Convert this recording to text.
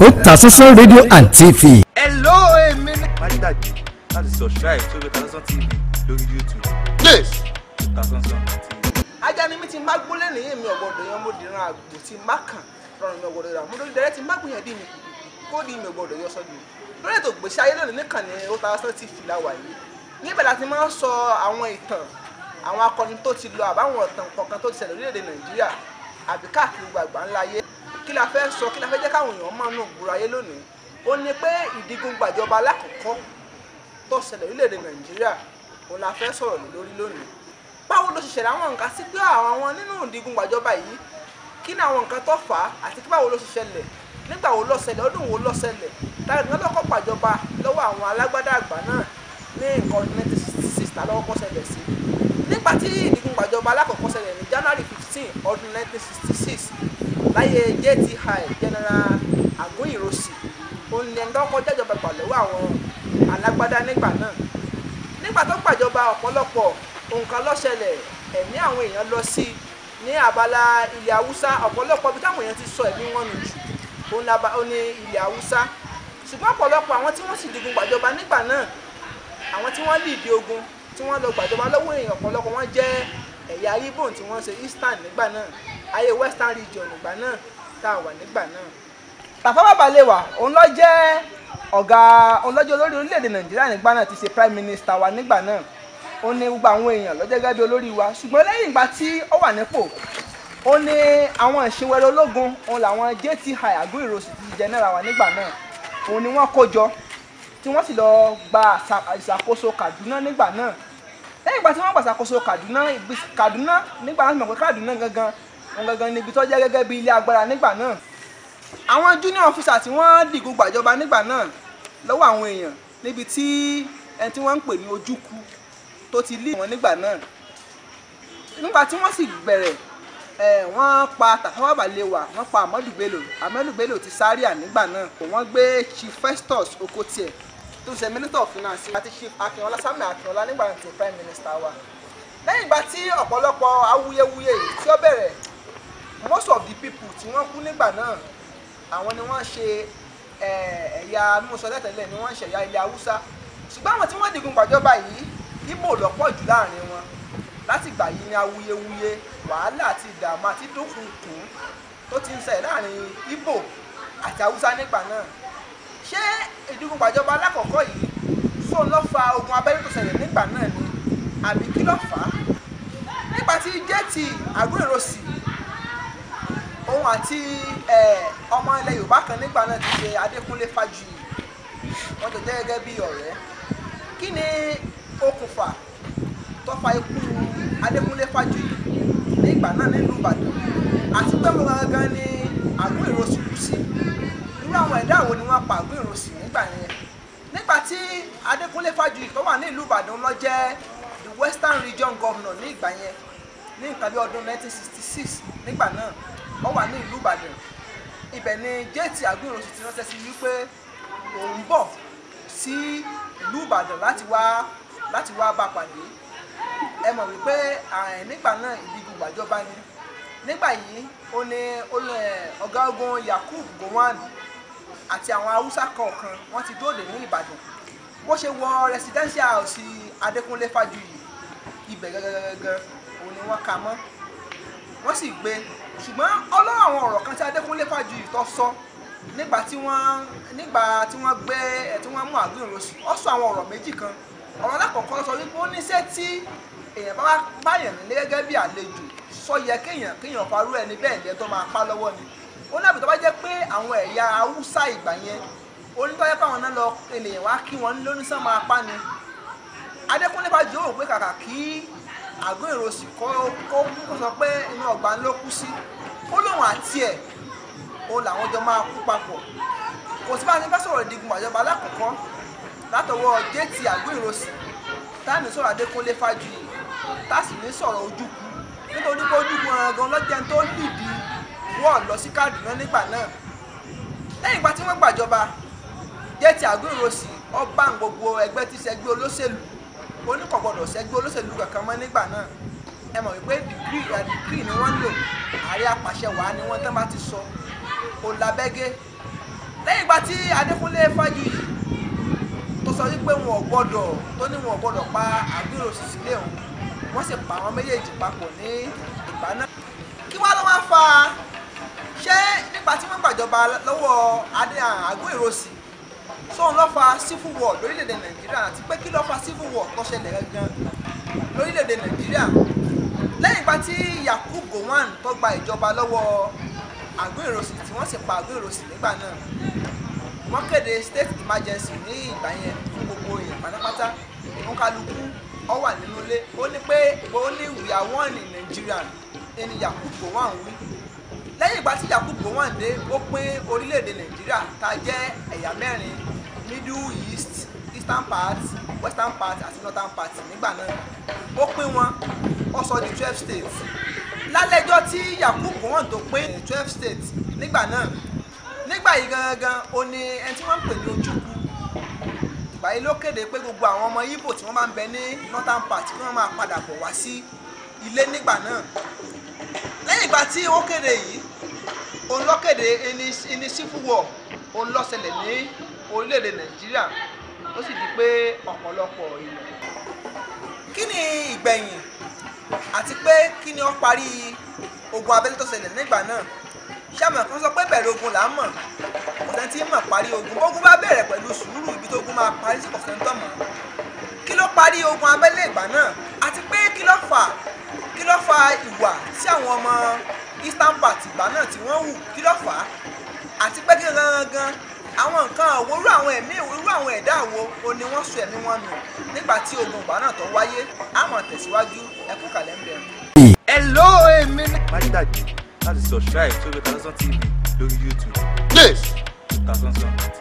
Otasansan rédíò and tv. ẹ ló èmi ní. má dàgbé láti subscribe sórí Otasansan TV lórí YouTube. please. Otasansan TV. ajá ni mi ti má gbólé nìyẹn mi ọ̀gbọ́dọ̀ yan mo dìran àgbò tí má kàn rọrùn mi ọ̀gbọ́dọ̀ rà mo lórí dẹrẹ́ tí má gbìyànjú mi kó di mi ọ̀gbọ́dọ̀ yọ sọ́dún lórí ètò ìgbésí ayé lónìí nìkan ni Otasansan TV láwà yìí níbẹ̀ láti máa ń sọ àwọn ìtàn àwọn akọni tó ti lọ àbáwọn ìtàn kọ̀ọ̀kan tó ti ṣẹlẹ̀ lórílẹ̀‐èdè Nàìjíríà àbí káàkiri gbàgbà ńlá ayé kí la fẹ́ sọ kí la fẹ́ jẹ́ káwọn èèyàn máa nà gbúrayé lónìí ó ní pé ìdígun gbàjọba alákọ̀ọ́kọ́ tó ṣẹlẹ̀ orílẹ̀-èdè nàìjíríà òun la fẹ́ sọ̀rọ̀ lé lórí lónìí báwo ló ṣe ṣẹlẹ̀ àwọn nǹkan sí pé àwọn nínú ìdígun gbàjọba yìí kí ni àwọn nǹkan tó fà á àti kí báwo ló ṣe ṣẹlẹ̀ nígbà wo ló ṣẹlẹ̀ ọdún wo ló ṣẹlẹ̀ táwọn ìgbà lọ́kọ̀ gbàjọba lọ́wọ́ àwọn alágbádá àgbà náà ní nǹkan nineteen sixty six ta lọ́wọ́ kọ́ ṣẹlẹ̀ sí nígbà tí ìdígun gbàjọba alákọ̀ọ́kọ́ ṣẹlẹ̀ ní january fifteen ọdún nineteen sixty six láyé jti general Ago Irosin òun ni ẹni lọ́kọ́ jẹ́jọba gbà lọ́wọ́ àwọn alágbádá nígbà náà nígbà tó gbàjọba ọ̀pọ̀lọpọ̀ nǹkan ló ṣẹlẹ̀ ẹ̀mí àwọn èèyàn lọ sí ní abala ilẹ̀ haúsá ọ̀pọ̀lọpọ̀ bí táwọn èèyàn ti sọ ẹ̀mí wọn nù jù òun ni ilẹ̀ haúsá ṣùgbọ́n ọ̀pọ̀lọpọ̀ àwọn tí wọ́n sì digun gbàjọba nígbà náà àwọn tí wọ́n lì di ogun tí wọ́n lọ gbàjọba lọ́wọ́ èèyàn ọ̀pọ̀lọpọ̀ wọ́n jẹ́ ẹ̀yà Ìgbò tí wọ́n ṣe eastern nígbà náà ayé western region ìgbà náà tá a wà nígbà náà. Tafawa Balewa òun ló jẹ́ ọ̀gá òun ló jẹ́ olórí orílẹ̀-èdè Nàìjíríà nígbà náà ti ṣe prime minister wa nígbà náà ó ní gbogbo àwọn èèyàn ló gẹ́gẹ́ bí olórí wa ṣùgbọ́n lẹ́yìn ìgbà tí ó wà nípò ó ní àwọn ìṣèwẹ̀rẹ̀ ológun òun làwọn JTI Aguero sì ti jẹ náírà wa nígbà náà òun ni wọ́n kó jọ tí wọ́n sì lọ gba ìṣàkóso Kaduna nígbà náà lẹ́yìn ìgbà tí wọ́n gbà ìṣàkóso Kaduna Kaduna nígbà náà Kaduna gangan wọn gangan níbi tó jẹ́ gẹ́gẹ́ bí ilé agbára nígbà náà àwọn junior officer tí wọ́n dìgún gbàjọba nígbà náà lọ́wọ́ àwọn èèyàn níbi tí ẹni tí wọ́n ń pè ní ojúkú tó ti lé wọn nígbà náà nígbà tí wọ́n sì bẹ̀rẹ̀ ẹ̀ wọ́n pa Tafawa Balewa wọ́n pa Ahmadu Bello Ahmadu Bello ti Zaria nígbà náà wọ́n gbé Chief Festus Okotie tó ṣe minister of finance àti Chief Akínọlá Samuel Akínọlá nígbà tí prime minister wa lẹ́yìn ìgbà tí ọ̀pọ̀lọpọ̀ awuyewuye tí ó bẹ̀rẹ̀ most of the people tí wọ́n kú nígbà náà àwọn ni wọ́n ṣe ẹ̀yà amúsọlẹ́tẹ̀lẹ̀ ni wọ́n ṣe ẹ̀yà ilẹ̀ haúsá ṣùgbọ́n àwọn tí wọ́n digun gbàjọba yìí ibo lọ́pọ̀ jù láàrin wọn látìgbà yìí ni awuyewuye wàhálà àti ìdààmú àti dúnkùnkùn tó ti ń ṣẹ̀ láàrin ibo àti haúsá nígbà náà ṣé ìdigun gbàjọba alákọ̀ọ́kọ́ yìí tó ń lọ fa ogun abẹ́rẹ́ tó ṣẹlẹ̀ nígbà náà ni àbí kí ló fà á nípa ti jẹ́ẹ̀tì àgúrèrò sí i òun àti ọmọ ilẹ̀ yorùbá kan nígbà náà ti ṣe adékúnlé fájuyì wọ́n jọ jẹ́ gẹ́gẹ́ bí ọ̀rẹ́ kí ni okùnfà tó fa ikú adékúnlé fájuyì nígbà náà nílùú ìbàdàn àti pé mo gangan ni àgún ìrosì kú sí irú àwọn ẹ̀dá wo ni wọ́n pa àgún ìrosì nígbà yẹn nígbà tí adékúnlé fájuyì tó wà ní ìlú ìbàdàn ló jẹ́ the western region governor ní ìgbà yẹn ní nǹkan bí ọdún 1966 nígbà náà ó wà ní ìlú Ìbàdàn ibẹ̀ ni géètì agbóhùn ti ránṣẹ́ sí wípé òun bọ̀ sí ìlú Ìbàdàn láti wá láti wá bá pàdé ẹ mọ̀ wípé nígbà náà ìdìbò gbàjọba ni nígbà yìí ó ní ọ̀gágun Yakub Gowon àti àwọn haúsá kọ̀ọ̀kan wọ́n ti dóòdè ní Ìbàdàn bó ṣe wọ residential house Adékúnlé Fájuyì ibẹ̀ gẹ́gẹ́gẹ́gẹ́ òun ni wọ́n kà mọ́ wọ́n sì gbé ṣùgbọ́n ọ̀rọ̀ kan tí Adékúnlé Fájuyì tó sọ nígbà tí wọ́n nígbà tí wọ́n gbé ẹ̀ eh, tí wọ́n mú àgbéyìn lóṣù ó sọ àwọn ọ̀rọ̀ méjì kan ọ̀rọ̀ alákọ̀ọ́kọ́ sọ wípé ó níṣẹ́ tí èèyàn bá báyàn nílé gẹ́gẹ́ bí àlejò sọ yẹ kéèyàn kéèyàn parú ẹni bẹ́ẹ̀ lẹ́ tó máa pa lọ́wọ́ ni ó lábì tó bá jẹ́ pé àwọn ẹ̀yà haúsá ìgbà yẹn onítọ́jẹ́ pé àwọn náà lọ ènìyàn wá kí wọ́n lóníṣẹ́ máa pa ni Adékúnlé Fájuyì ó rò pé kàkà kí àgbéyìn lóṣù kó kó sọ pé inú ọgbà ló kú sí ó lóun àti ẹ̀ ó làwọn jọ máa kú papọ̀ kò sí bá a ti fẹ́ sọ̀rọ̀ ìdìgun àjọba alákọ̀ọ́kọ́ látọwọ́ déètì àgbóìrosì táàmì sọ̀rọ̀ adékúnlé fájuyì táàsì ní sọ̀rọ̀ ojúkú nítorí pé ojúkú ọ̀ràn lọ́jẹ́ tó lìdí wọ́ọ̀ lọ sí Kaduna nígbà náà lẹ́yìn ìgbà tí wọ́n gbàjọba déètì àgbóìrosì ọba gbogbo ẹgbẹ́ tí ṣẹgbẹ́ olóṣèlú oníkọ̀gbọ́dọ̀ ṣẹgbẹ́ olóṣèlú kankan mọ́ nígbà náà ẹ mọ̀ wípé dìgírì uh, ni wọ́n lò ààrẹ apàṣẹ wàá ni wọ́n tán bá ti sọ ó labẹ́gẹ́ lẹ́yìn ìgbà tí Adékúnlé Fájuyì tó sọ wípé wọn ò gbọ́dọ̀ tó ní wọn ò gbọ́dọ̀ pa Aguero Cecily òun wọ́n sì pa àwọn méjèèjì papọ̀ ní ìgbà náà kí wá ló máa fa ṣé nípa tí wọ́n gbàjọba lọ́wọ́ Aguero sí sóun ló fa civil war lórílẹ̀‐èdè Nàìjíríà àti pé kí ló fa civil war tó ṣẹlẹ̀ gangan lórílẹ̀‐èdè Nàìjíríà lẹ́yìn ìgbà tí Yakubu Gowon tó gba ìjọba lọ́wọ́ Aguero tí wọ́n sì pa Aguero nígbà náà wọ́n kéde state emergency ní ìgbà yẹn fún gbogbo èèyàn pátápátá wọn kálukú ọ wà nínú ilé ó ní pé ó ní we are one in Nigeria ẹni Yakubu Gowon wí lẹ́yìn ìgbà tí Yakubu Gowon dé ó pín orílẹ̀-èdè Nàìjíríà ta jẹ́ ẹ̀yà mẹ́rin middle east eastern part western part àti northern part nígbà náà ó pín wọn wọ́n sọ di twelve states lálẹ́jọ́ tí Yakubu wọ́n tó pé twelve states nígbà náà nígbà yìí gangan o ní ẹni tí wọ́n ń pè ní Ojukwu ìgbà yìí ló kéde pé gbogbo àwọn ọmọ Ìgbò tí wọ́n máa ń bẹ ní northern part kí wọ́n máa padà bọ̀ wá sí ilé nígbà náà lẹ́yìn ìgbà tí ó kéde yìí òun ló kéde ẹni civil war òun ló ṣẹlẹ̀ ní orílẹ̀-èdè Nàìjíríà ó sì di pé ọ̀pọ̀lọpọ̀ èèyàn kí ni ìgbẹ̀yìn àti pé kí ni wọ́n parí ogun abẹ́lé tó ṣẹlẹ̀ nígbà náà sàmọ̀ kan sọ pé bẹ̀rẹ̀ ogun là ń mọ̀ ọ̀sẹ̀ tí ń mọ̀ parí ogun bógun bá bẹ̀rẹ̀ pẹ̀lú sùúrù ibi tó ogun máa parí sí ọ̀sẹ̀ tó mọ̀ kí ló parí ogun abẹ́lé ìgbà náà àti pé kí ló fà kí ló fa ìwà sí àwọn ọmọ Eastern Part ìgbà náà tí wọ́n hù kí ló fà á àti pé kí gangan àwọn nǹkan àwòrú àwọn ẹ̀mí ìwúrú àwọn ẹ̀dá àwo o wọ́n sọ ẹ̀mí wọn nù nígbà tí ogun ìgbà náà tó wáyé àmọ̀ tẹ̀síwájú ẹkú kàlẹ́ ń hello èmi ni. má láti subscribe sórí Otasansan TV lórí YouTube. please